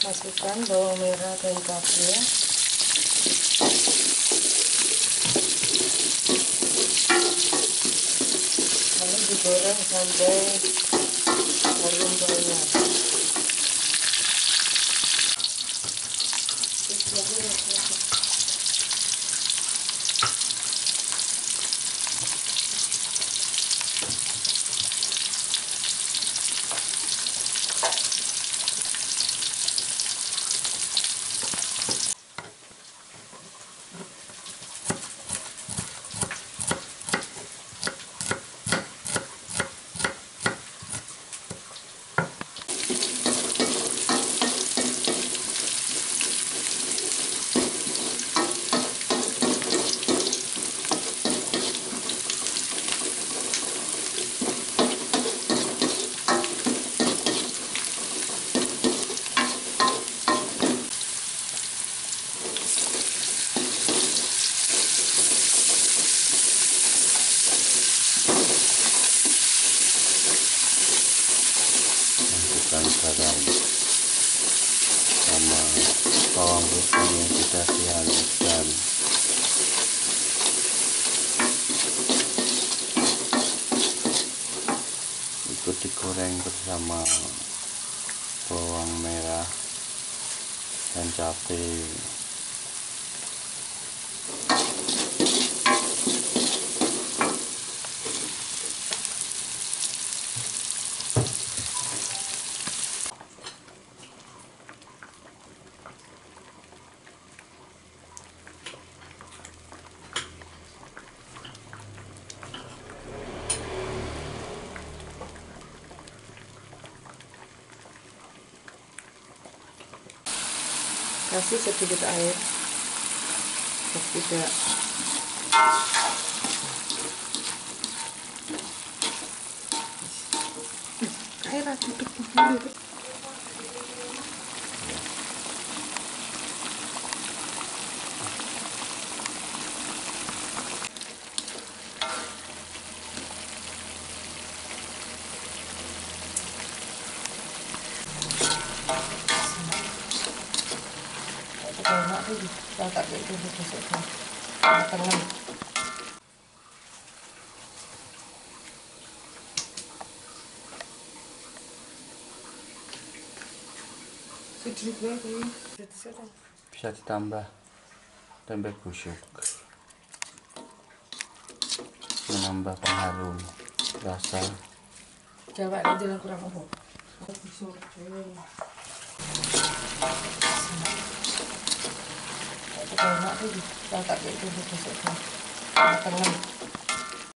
masukkan bawang merah dan ya. lalu digoreng sampai harum banyak ikan garam sama bawang putih yang sudah dihaluskan ikut digoreng bersama bawang merah dan cabai kasih sedikit air biar tidak air aku dulu saya tak kayak besok matangnya bisa ditambah tempe busuk menambah pengharum rasa coba ini jalan kurang apa busuk eh. nó nak tu dia tak jadi tu dia masuk tu. Tangan.